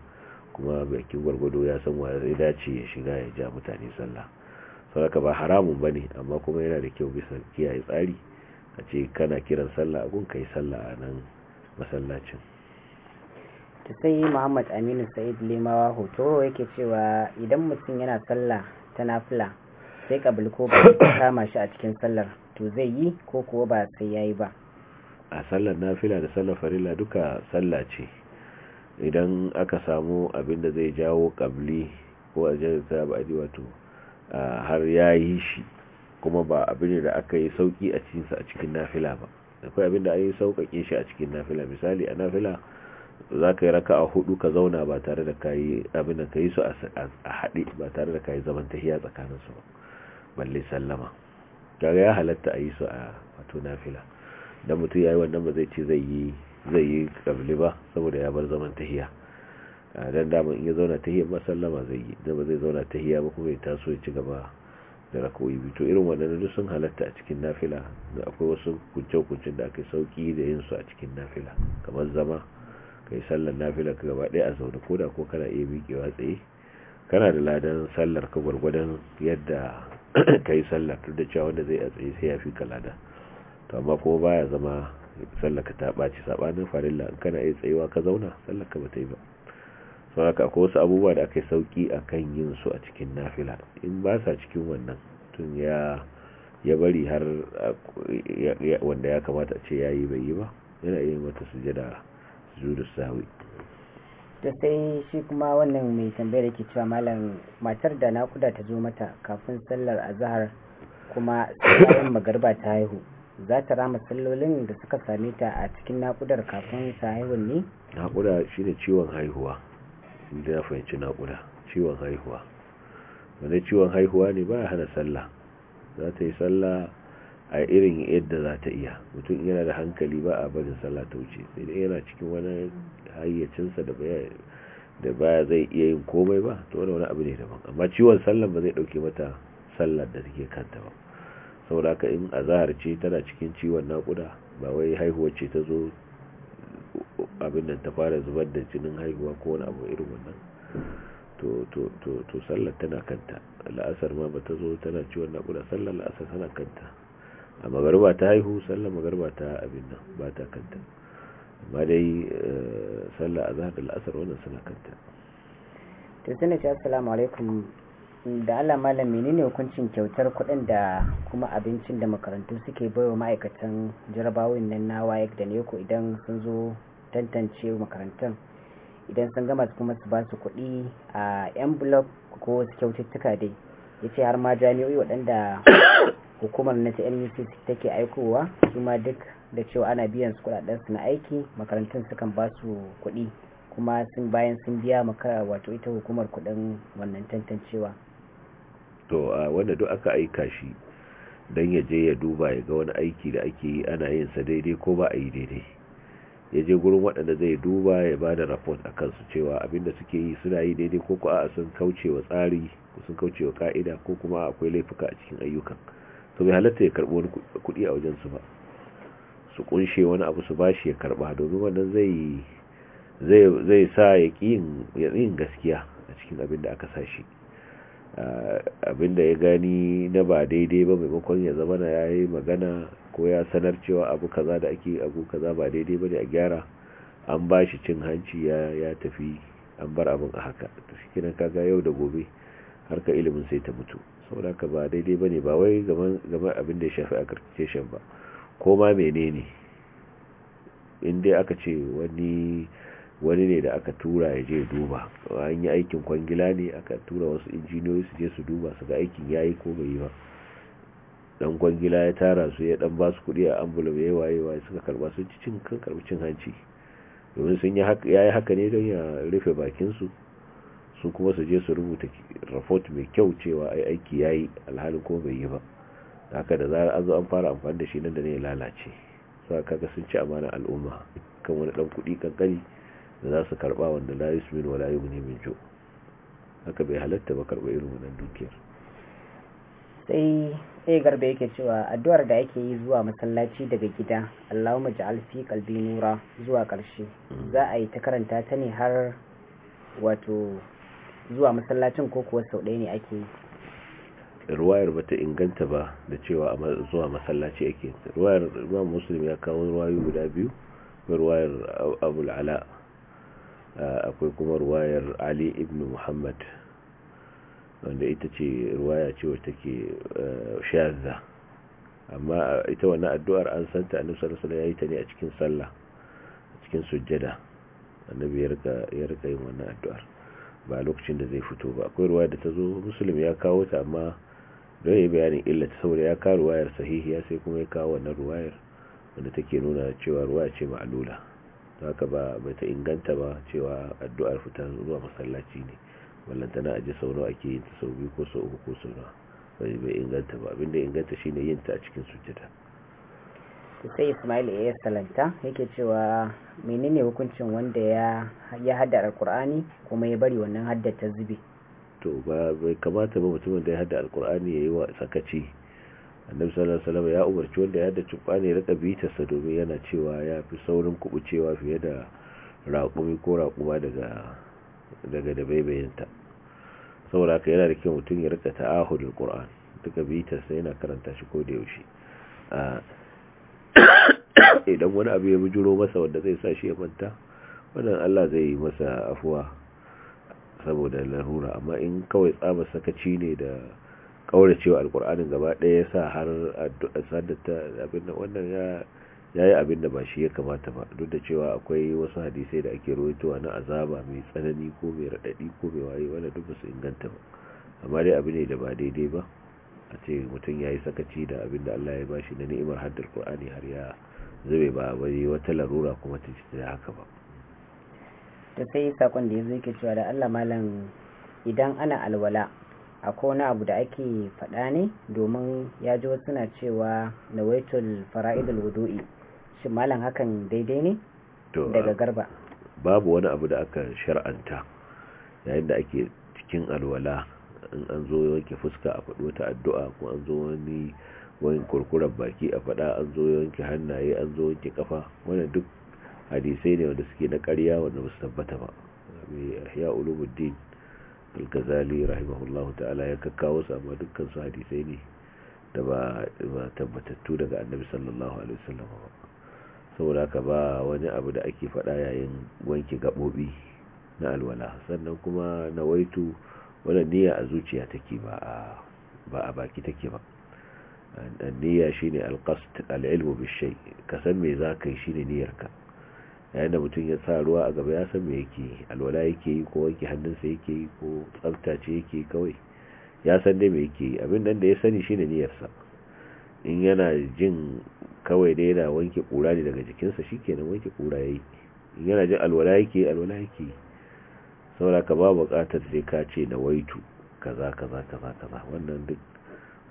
kuma bakin gwargwado ya san wa ya dace ya shiga ya ja mutane sallah saboda ba haramun bane amma kuma yana da kyau bisa kiyaye tsari a ce kana kiran sallah a gun kai sallah a nan masallacin ta sai muhammad aminu sa'id limawa hoto yake cewa idan mutum yana sallah ta nafila sai kabil ko ba ta kama shi a cikin sallar to zai yi ko kuwa ba sai yayi ba a sallar nafila da sallar farilla duka sallah ce idan aka samu abin da zai jawo kabli ko a jirgin ba a wato har ya yi shi kuma ba abin da aka yi sauki a cikinsa a cikin nafila ba akwai abin da an yi shi a cikin nafila misali a nafila za ka yi raka a hudu ka zauna ba tare da ka abin da ka yi su a haɗe ba tare da ka yi zaman tahiya tsakanin su balle sallama kaga ya halatta a yi su a wato nafila dan mutum ya yi wannan ba zai ce zai yi zai yi kabli ba saboda ya bar zaman tahiya dan dama in ya zauna tahiyar ma sallama zai yi da ba zai zauna ta tahiya ba kuma ya taso ya ci gaba da rakoyi to irin waɗannan duk sun halatta a cikin nafila da akwai wasu kuce kuncen da aka sauki da yin su a cikin nafila kamar zama ka yi sallar nafila ka gaba ɗaya a zaune ko da ko kana iya miƙewa tsaye kana da ladan sallar ka gwargwadon yadda ka yi sallar duk da cewa wanda zai a tsaye sai ya fi ka lada to amma kuma baya zama sallar ka ta ɓaci saɓanin farilla in kana iya tsayuwa ka zauna sallar ka ba ta yi ba sau haka akwai wasu abubuwa da aka yi sauki a kan yin su a cikin nafila in ba sa cikin wannan tun ya bari har wanda ya kamata ce ya yi bai yi ba yana iya mata sujada da sawi da sai shi kuma wannan mai tambayar ke cewa malam matar da nakuda ta zo mata kafin sallar azhar kuma tsarin magarba ta haihu za ta rama sallolin da suka same ta a cikin nakudar kafin sa haihu ne nakuda shine ciwon haihuwa inda ya fahimci naƙuda ciwon haihuwa wani ciwon haihuwa ne ba hana sallah za ta yi sallah a irin yadda za ta iya mutum yana da hankali ba a barin sallah ta wuce sai dai yana cikin wani hayyacinsa da baya da zai iya yin komai ba to wani wani abu ne daban amma ciwon sallah ba zai dauke mata sallah da take kanta ba saboda haka in azahar ce tana cikin ciwon naƙuda ba wai haihuwa ce ta zo abin nan ta fara zubar da jinin haihuwa ko wani abu irin wannan to sallar tana kanta la'asar ma ba ta zo tana ciwon naƙuda sallar la'asar tana kanta a magarba ta haihu sallar magarba ta abin nan ba ta kanta amma dai eh, sallar azhar da la'asar wannan suna kanta to suna ce assalamu alaikum da Allah malam menene hukuncin kyautar kuɗin da kuma abincin da makarantu suke baiwa ma'aikatan jarabawin nan na wayek da neko idan sun zo tantance makarantun idan sun gama kuma su ba su kuɗi a envelope ko su kyaututtuka dai ya ce har ma jami'o'i waɗanda hukumar na nuc take aikowa su ma duk da cewa ana biyan su kuɗaɗen su na aiki makarantun sukan ba su kuɗi kuma sun bayan sun biya makara wato ita hukumar kuɗin wannan tantancewa to a wanda duk aka aika shi don ya je ya duba ya ga wani aiki da ake yi ana yin sa daidai ko ba a yi daidai ya je gurin waɗanda zai duba ya ba da rapot a kansu cewa abinda suke yi suna yi daidai ko ku a sun kauce wa tsari ko sun kauce wa ka'ida ko kuma akwai laifuka a cikin ayyukan to bai halatta ya karɓi wani kuɗi a wajensu ba su kunshe wani abu su ba shi ya karɓa domin wannan zai zai sa ya yin gaskiya a cikin abin da aka sa shi abinda ya gani na ba daidai ba maimakon ya zama na yayi magana ko ya sanar cewa abu kaza da ake abu kaza ba daidai ba ne a gyara an ba shi cin hanci ya tafi an bar abin a haka ta shi kenan kaga yau da gobe harka ilimin sai ta mutu saboda ka ba daidai ba ne ba wai game abin da ya shafi accreditation ba ko ma menene in dai aka ce wani wani ne da aka tura ya je duba an yi aikin kwangila ne aka tura wasu injiniyoyi su je su duba su ga aikin yayi ko bai yi ba dan kwangila ya tara su ya dan ba su kuɗi a ambulan ya waye waye suka karba su cin kan karbi cin hanci domin sun yi haka ne don ya rufe bakin su su kuma su je su rubuta report mai kyau cewa ai aiki yayi alhalin ko bai yi ba haka da zarar an zo an fara amfani da shi nan da ne lalace saka kaga sun ci amana al'umma kan wani dan kuɗi kankani da za su karba wanda la yusmin wala ne min ju haka bai halatta ba karba irin wannan dukiyar sai sai garba yake cewa addu'ar da ake yi zuwa masallaci daga gida Allahumma ja'al fi qalbi nura zuwa karshe mm. za a yi ta karanta ta ne har wato zuwa masallacin ko kuwa sau ɗaya ne ake yi ruwayar ba ta inganta ba da cewa zuwa masallaci ake ruwayar imam muslim ya kawo ruwayu guda biyu ruwayar abul ala akwai kuma ruwayar ali ibn muhammad wanda ita ce ruwaya ce wata take eh, shazza amma ita wannan addu'ar an santa annabi sallallahu alaihi wasallam ta ne a cikin sallah a cikin sujjada annabi ya rika yin wannan addu'ar ba lokacin da zai fito ba akwai ruwaya da ta zo musulmi ya kawo ta amma don ya bayanin illa ta saboda ya kawo ruwayar sahihiya sai kuma ya kawo wannan ruwayar wanda take nuna cewa ruwaya ce ma'alula haka ba bai ta inganta ba cewa addu'ar fitar zuwa masallaci ne ballantana a ji sauro ake yin ta sau biyu ko sau uku ko sau nawa bai bai inganta ba abinda inganta shine yin ta a cikin sujjada sai Ismail ya salanta yake cewa menene hukuncin wanda ya ya hada alkur'ani kuma ya bari wannan hadda ta zube to ba bai kamata ba mutumin da ya hada alkur'ani yayi wa sakaci annabi sallallahu alaihi wasallam ya umarci wanda ya haddace Qur'ani ya rika bitarsa domin yana cewa ya fi saurin kubucewa fiye da raƙumi ko raƙuma daga daga dabaibayinta saboda haka yana da kyau mutum ya rika ta'ahudul Qur'an duka bitarsa yana karanta shi ko da yaushe idan wani abu ya bujuro masa wanda zai sa shi ya manta wannan Allah zai yi masa afuwa saboda larura amma in kawai tsaba sakaci ne da cewa alkur'anin gaba ɗaya ya sa har addu'a da ta abin wannan ya ya abin da ba shi ya kamata ba duk da cewa akwai wasu hadisai da ake rawaitowa na azaba mai tsanani ko mai raɗaɗi ko mai waye wanda duk su inganta ba amma dai abu ne da ba daidai ba a ce mutum ya yi sakaci da abin da Allah ya bashi na ni'imar haddar Qur'ani har ya zube ba bai wata larura kuma ta ce da haka ba to sai sakon da ya zai ke cewa da Allah malam idan ana alwala akwai wani abu da ake faɗa ne domin ya ji wasu na cewa waitul fara'idul wudu'i shi malam hakan daidai ne daga garba babu wani abu da aka shar'anta yayin da ake cikin alwala in an zo yanke fuska a faɗo ta addu'a ko an zo wani wani kurkuren baki a faɗa an zo yanke hannaye an zo yanke kafa wannan duk hadisai ne wanda suke na karya wanda ba su tabbata ba ya ulumuddin al-ghazali rahimahullahu ta'ala ya kakkawo su amma dukkan su hadisai ne da ba tabbatattu daga annabi sallallahu alaihi wasallam ba saboda haka ba wani abu da ake faɗa yayin wanke gaɓoɓi na alwala sannan kuma na waitu wani niyya a zuciya take ba ba a baki take ba niyya shine al-qasd al-ilmu bi shay ka san me zaka yi shine niyyarka yayin da mutum ya sa ruwa a gaba ya san me yake alwala yake yi ko wanke hannunsa yake yi ko tsaftace yake kawai ya san dai me yake yi abin nan da ya sani shine niyyarsa in yana jin kawai dai yana wanke kura ne daga jikinsa shikenan wanke kura yayi in yana jin alwala yake alwala yake saboda ka ba buƙatar sai ka ce na waitu kaza kaza kaza kaza wannan duk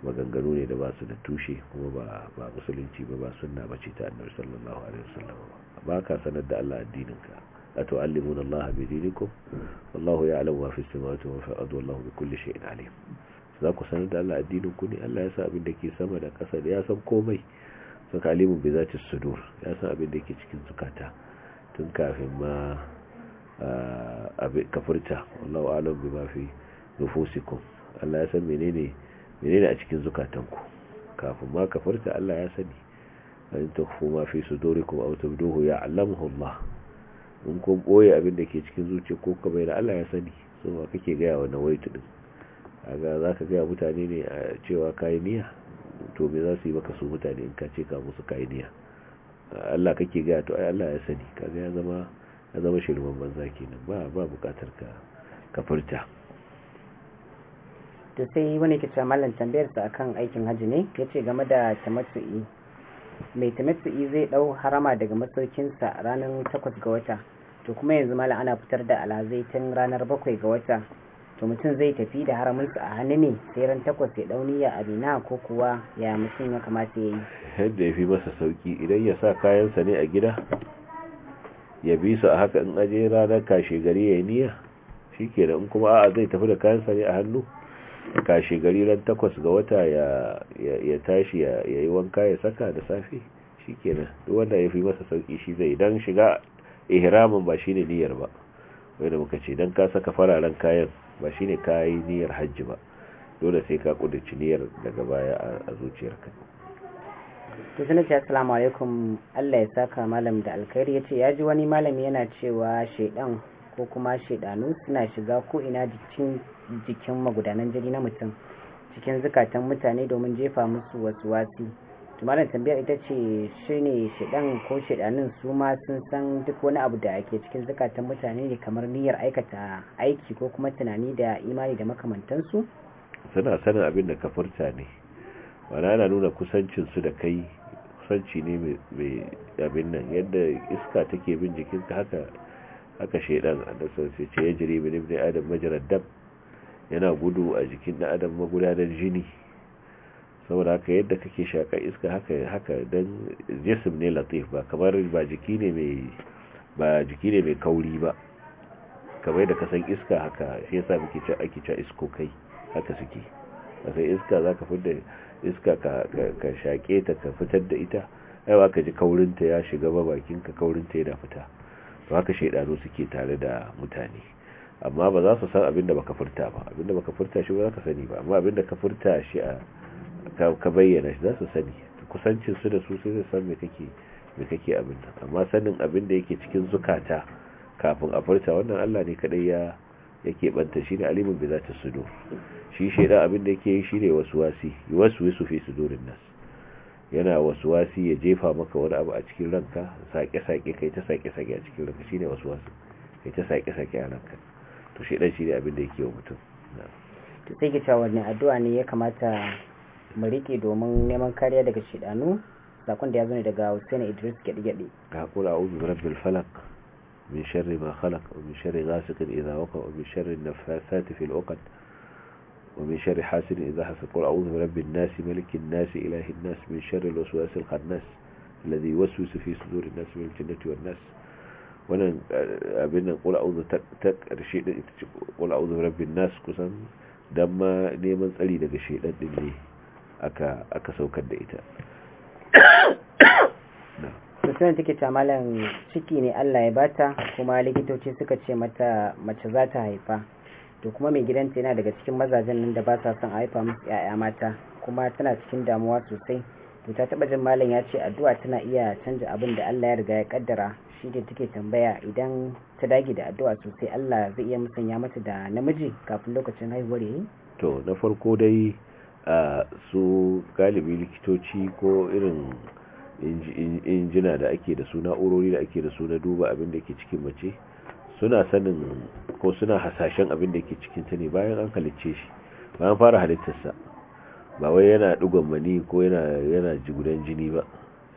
maganganu ne da ba su da tushe kuma ba musulunci ba ba sunna ba ce ta annabi sallallahu alaihi wasallam ba ka sanar da Allah addininka allimuna Allah bi dinikum wallahu ya'lamu ma fi samawati wa fi al-ardi wallahu bi kulli shay'in alim za ku sanar da Allah addinin ku ne Allah ya san abin da ke sama da kasa ya san komai saka kalimu bi zati sudur ya san abin da ke cikin zukata tun kafin ma kafirta wallahu a'lam ma fi nufusikum Allah ya san menene menene a cikin zukatanku kafin ma ka furta Allah ya sani in tukhfu ma fi sudurikum aw ya ya'lamuhu Allah in kun boye abin da ke cikin zuciya ko ka bayyana Allah ya sani so ba kake ga yawa na waitu din za zaka ga mutane ne a cewa kai niya to me za su yi maka su mutane in ka ce ka musu kai niya Allah kake gaya to ai Allah ya sani kaga ya zama ya zama shirman banza kenan ba ba bukatar ka ka furta to sai wani ke cewa mallan tambayar sa akan aikin hajji ne ya ce game da tamattu'i mai tamattu'i zai dau harama daga masaukinsa ranar takwas ga wata to kuma yanzu mallan ana fitar da alazaitin ranar bakwai ga wata to mutum zai tafi da haraminsa a hannu ne sai ran takwas ya dauniya ya bina ko kuwa ya mutum ya kamata ya yi yadda ya fi masa sauki idan ya sa kayansa ne a gida ya bi su a haka in aje ranar kashe gari ya yi niyya shi kenan kuma a'a zai tafi da kayansa ne a hannu kashe gari ran takwas ga wata ya tashi ya yi wanka ya saka da safe shi kenan duk wanda ya fi masa sauki shi zai don shiga ihramin ba shi ne niyyar ba da muka ce don ka saka fararen kayan ba shi ne ka yi niyyar hajji ba dole sai ka kudaci niyyar daga baya a zuciyarka to sun ce assalamu alaikum Allah ya saka malam da alkhairi ce ya ji wani malami yana cewa shaidan ko kuma shaidanu suna shiga ko ina jikin jikin magudanan jini na mutum cikin zukatan mutane domin jefa musu wasu wasi tumarin tambayar ita ce shi ne shidan ko shidanin su ma sun san duk wani abu da ake cikin zukatan mutane ne kamar niyyar aikata aiki ko kuma tunani da imani da makamantansu suna sanin abin da kafurta ne wani yana nuna kusancinsu da kai kusanci ne mai abin nan yadda iska take bin jikinka haka haka shaidan nasarar sai ce ya jiri bin ibn adam majalar dab yana gudu a jikin ɗan adam magudanar jini saboda haka yadda kake shakar iska haka haka jisim ne latif ba kamar ba jiki ne mai kauri ba kamar yadda ka iska haka shi yasa muke cewa ake isko kai haka suke sai iska za ka fidda iska ka shaƙe ta ka fitar da ita yau aka ji kaurinta ya shiga ba bakin ka kaurin ta da fita to haka shaidano suke tare da mutane amma ba za su san abin da baka furta ba abin da baka furta shi ba za ka sani ba amma abin da ka furta shi a ka bayyana shi za su sani kusancin su da su sai zai san me kake me kake abin nan amma sanin abin da yake cikin zukata kafin a furta wannan Allah ne kadai ya yake banta shi ne alimin bi zata sudur shi shaidan abin da yake yi shi wasi waswasi yuwaswisu fi sudurin nas yana waswasi ya jefa maka wani abu a cikin ranka sake sake kai ta sake sake a cikin ranka shi wasu waswasi kai ta sake sake a ranka to shaidan shi ne abin da yake wa mutum to sai ke cewa wani addu'a ne ya kamata mu rike domin neman kariya daga shidanu sakon da ya zo ne daga Hussein Idris gadi gadi ga kula a'udhu bi rabbil falaq min sharri ma khalaq wa min sharri ghasiqin idha waqa wa min sharri an-nafathati fil 'uqad wa min sharri hasidin idha hasad. Qul a'udhu bi rabbin nas malikin nas ilahin nas min sharri alwaswasil khannas alladhi yuwaswisu fi suduri an-nas min al-jinnati wan-nas. wannan eh, abin nan kula auzu ta karshe din ita ce kula auzu rabbin nas kusan dan ma neman tsari daga shedan din ne aka aka saukar da ita mutum take ta malam ciki ne Allah ya bata kuma likitoci suka ce mata mace za ta haifa to kuma mai gidanta yana daga cikin mazajen nan da ba sa son a haifa musu 'ya'ya mata kuma tana cikin damuwa sosai to ta taba jin malam ya ce addu'a tana iya canja abin da Allah ya riga ya kaddara shi ne take tambaya idan ta dage da addu'a sosai Allah zai iya musanya mata da namiji kafin lokacin haihuwar yayi to na farko dai su galibi likitoci ko irin injina da ake da su na'urori da ake da su na duba abin da ke cikin mace suna sanin ko suna hasashen abin da ke cikin ta ne bayan an halicce shi bayan fara halittarsa ba wai yana dugon mani ko yana yana jigudan jini ba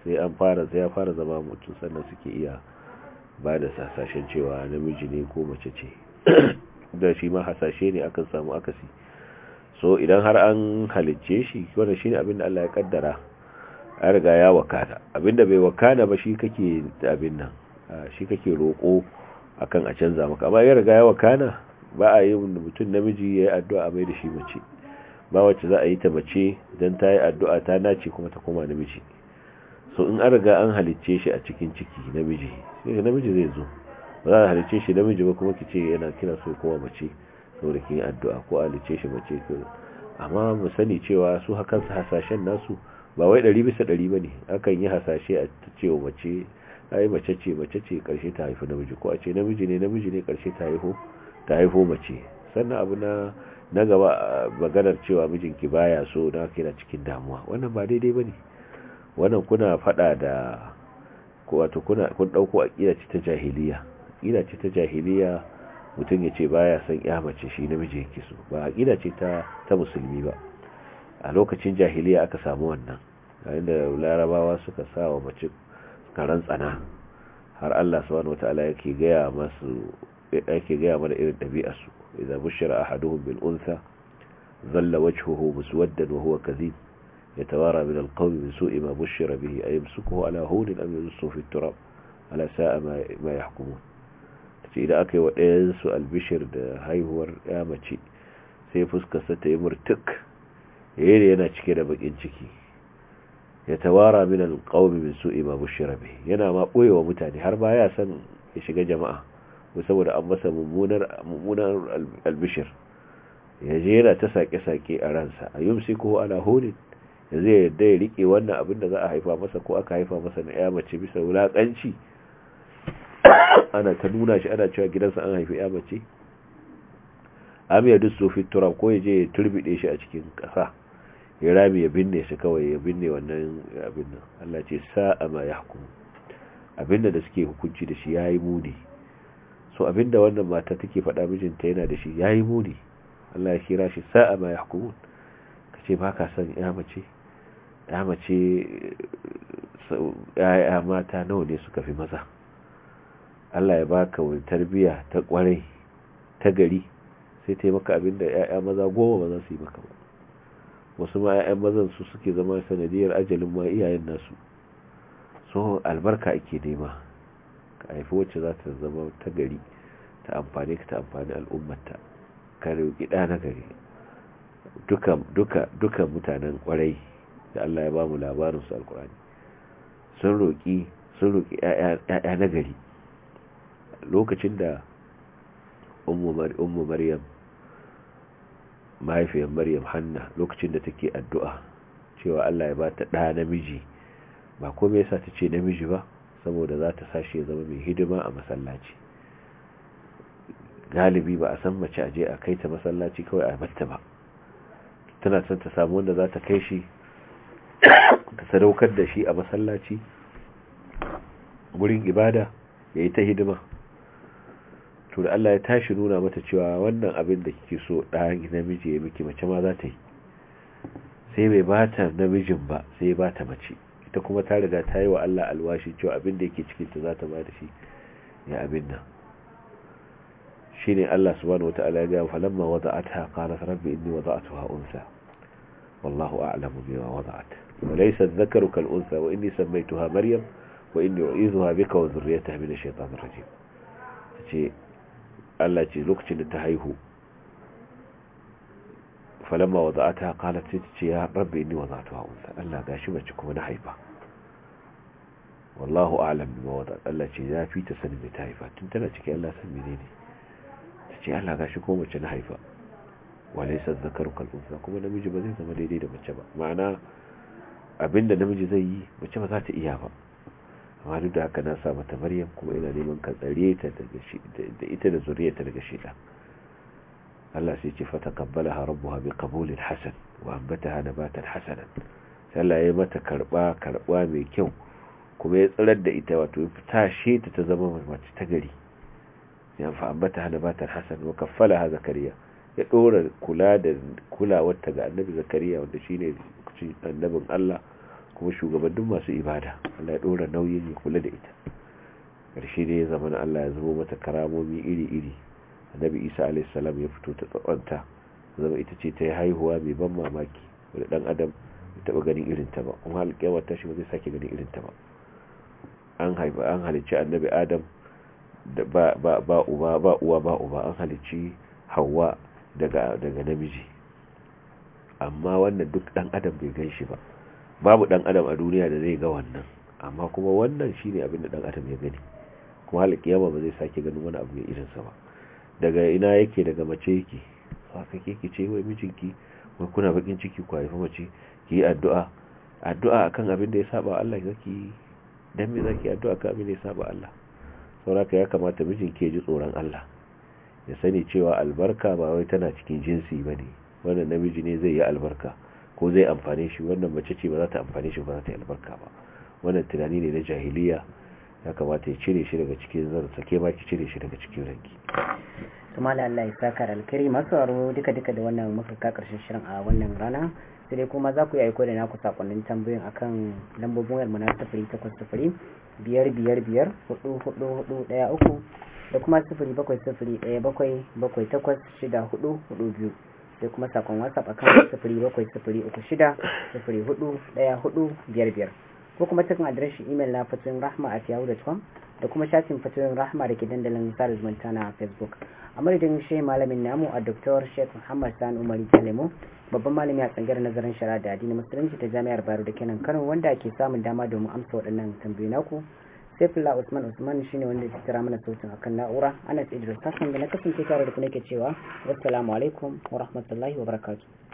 sai an fara sai ya fara zama mutum sannan suke iya ba da hasashen cewa namiji ne ko mace ce da shi ma hasashe ne akan samu akasi so idan har an halicce shi wanda shi ne abinda Allah ya kaddara a riga ya wakana abinda bai wakana ba shi kake abin nan shi kake roƙo akan a canza maka amma ya riga ya wakana ba a yi mutum namiji ya yi addu'a a mai da shi mace ba wacce za a yi ta mace don ta yi addu'a ta nace kuma ta koma namiji so in an riga an halicce shi a cikin ciki namiji sai namiji zai zo ba za a halicce shi namiji ba kuma ki kice yana kina so kowa mace saboda kin addu'a ko halicce shi mace amma mu sani cewa su hakan su hasashen nasu ba wai ɗari bisa ɗari ba ne akan yi hasashe a cewa mace ai mace ce mace ce karshe ta haifi namiji ko a ce namiji ne namiji ne karshe ta haihu ta mace sannan abu na na gaba maganar cewa mijinki baya so na kina cikin damuwa wannan ba daidai bane wannan kuna fada da wato kuna kun dauko aqida ce ta jahiliya aqida ce ta jahiliya mutum ya ce baya san ya mace shi namiji yake so ba aqida ce ta ta musulmi ba a lokacin jahiliya aka samu wannan yayin da larabawa suka sa wa mace karan tsana har Allah subhanahu wataala yake gaya masu yake gaya mana irin dabi'arsu idza bushira ahaduhum bil untha dhalla wajhuhu muswaddan wa huwa kadhib يتوارى من القوم من سوء ما بشر به أيمسكه على هون أم يدسه في التراب على ساء ما, ما يحكمون ce idan aka yi wa ɗayansu albishir da haihuwar ya mace sai fuskarsa ta yi murtuk yayin yana cike da bakin ciki ya tawara min alqawmi min su'i ma bushira yana ma boyewa mutane har ba ya san ya shiga jama'a ko saboda an masa mummunar mummunar albishir ya je yana ta sake sake a ransa ayumsiku ala hulin zai yarda ya rike wannan abin da za a haifa masa ko aka haifa masa na ya mace bisa wulaƙanci ana ta nuna shi ana cewa gidansa an haifi ya mace amiya duk sofi fi turab ko ya je ya turbide shi a cikin ƙasa ya rami ya binne shi kawai ya binne wannan abin nan Allah ce sa'a ma ya hukumu abin da suke hukunci da shi ya yi muni so da wannan mata take faɗa mijinta yana da shi ya yi muni Allah ya kira shi sa'a ma ya ka kace ba ka san ya mace ya mace ya mata nawa ne suka fi maza Allah ya baka wani tarbiyya ta kwarai ta gari sai ta yi maka abin da ya maza goma ba za su yi maka ba wasu ma 'ya'yan mazan su suke zama sanadiyar ajalin ma iyayen nasu so albarka ake nema ka haifi wacce za ta zama ta gari ta amfani ka ta amfani al'ummata ka na gari duka mutanen kwarai. da Allah ya ba mu labarin su alkur'ani sun roƙi sun roƙi ƴaƴa nagari lokacin da ummu maryam mahaifiyar maryam hanna lokacin da take addu'a cewa Allah ya ba ta ɗa namiji ba komai yasa ta ce namiji ba saboda za ta sashi ya zama mai hidima a masallaci galibi ba a san mace a je a kai ta masallaci kawai a batta ba tana son ta samu wanda za ta kai shi ka sadaukar da shi a masallaci gurin ibada ya yi ta hidima to da Allah ya tashi nuna mata cewa wannan abin da kike so ɗan namiji ya miki mace ma za ta yi sai bai ba ta namijin ba sai ba ta mace ita kuma ta riga ta yi wa Allah alwashi cewa abin da yake cikin ta za ta ba da shi ya abin nan shine Allah subhanahu wataala ya ga falamma wada'atha qalat rabbi inni wada'tuha unsa wallahu a'lamu bima wada'at وليس الذكر كالأنثى وإني سميتها مريم وإني أعيذها بك وذريتها من الشيطان الرجيم تشي الله تشي لوكتي نتهيه فلما وضعتها قالت تشي يا ربي إني وضعتها أنثى الله غاشي ما تشكو نحيبا والله أعلم بما وضعت الله تشي يا في تسلمي تهيفا تنتنا تشكي الله سمينيني تشي الله غاشي كو ما تشي نحيبا وليس الذكر كالأنثى كما نمجي بذي زمان يدي دمجبا معناه abinda namiji zai yi mace ba za ta iya ba amma duk da haka na sa mata maryam kuma ina neman ka tsare ta da ita da zuriyarta daga shida Allah sai ce fa taqabbalaha rabbuha bi qabulin hasan wa ambataha nabatan hasanan sai Allah ya mata karba karba mai kyau kuma ya tsarar da ita wato ya fita ta ta zama mace ta gari ya fa ambataha nabatan hasan wa kaffalaha zakariya ya ɗora kula da kulawar ga annabi zakariya wanda shine annabin Allah kuma shugabannin masu ibada Allah ya dora nauyin ya kula da ita karshe ne ya zama na Allah ya zama mata karamomi iri-iri annabi Isa a.s. ya fito ta tsatsanta zama ita ce ta yi haihuwa mai ban mamaki wadda dan adam taɓa ganin irin ta ba kuma halƙewar ta shi ba zai sake ganin irin ta ba an haifa annabi Adam da ba uwa ba uwa an halicci hawa. daga namiji amma wannan duk dan adam bai gan shi ba babu dan adam a duniya da zai ga wannan amma kuma wannan shine abin da dan adam ya gani kuma hal kiyama ba zai sake ganin wani abu irin sa ba daga ina yake daga mace yake haka kike ce wai mijinki wai kuna bakin ciki ku haifa mace ki yi addu'a addu'a akan abin da ya saba Allah zaki dan me zaki addu'a kan abin da ya saba Allah saboda ya kamata mijinki ya ji tsoron Allah ya sani cewa albarka ba wai tana cikin jinsi ba ne wannan namiji ne zai yi albarka ko zai amfani shi wannan mace ce ba za ta amfani shi ba za ta yi albarka ba wannan tunani ne na jahiliya ya kamata ya cire shi daga cikin zan ke ma ki cire shi daga cikin ranki kuma Allah ya saka alkari masu sauraro duka duka da wannan muka ka karshen shirin a wannan rana sai dai kuma za ku yi aiko da naku sakonnin tambayoyin akan lambobin wayar mu na 0805 biyar biyar biyar hudu hudu hudu daya uku da kuma daya biyu da kuma sakon whatsapp akan biyar ko kuma cikin adireshin imel na fatoyin rahma a yahoo.com da kuma shafin fatoyin rahma da ke dandalin sada zumunta na facebook a madadin shi malamin namu a doktor sheikh muhammad sani umari talemo babban malami a tsangar nazarin shara da addinin musulunci ta jami'ar bayero da kenan kano wanda ke samun dama domin amsa waɗannan tambayoyi naku sefila Usman Usman shine wanda ya kira mana sautin akan na'ura Anas Idris Hassan da na kasance tare da ku nake cewa wassalamu alaikum wa rahmatullahi wa barakatuh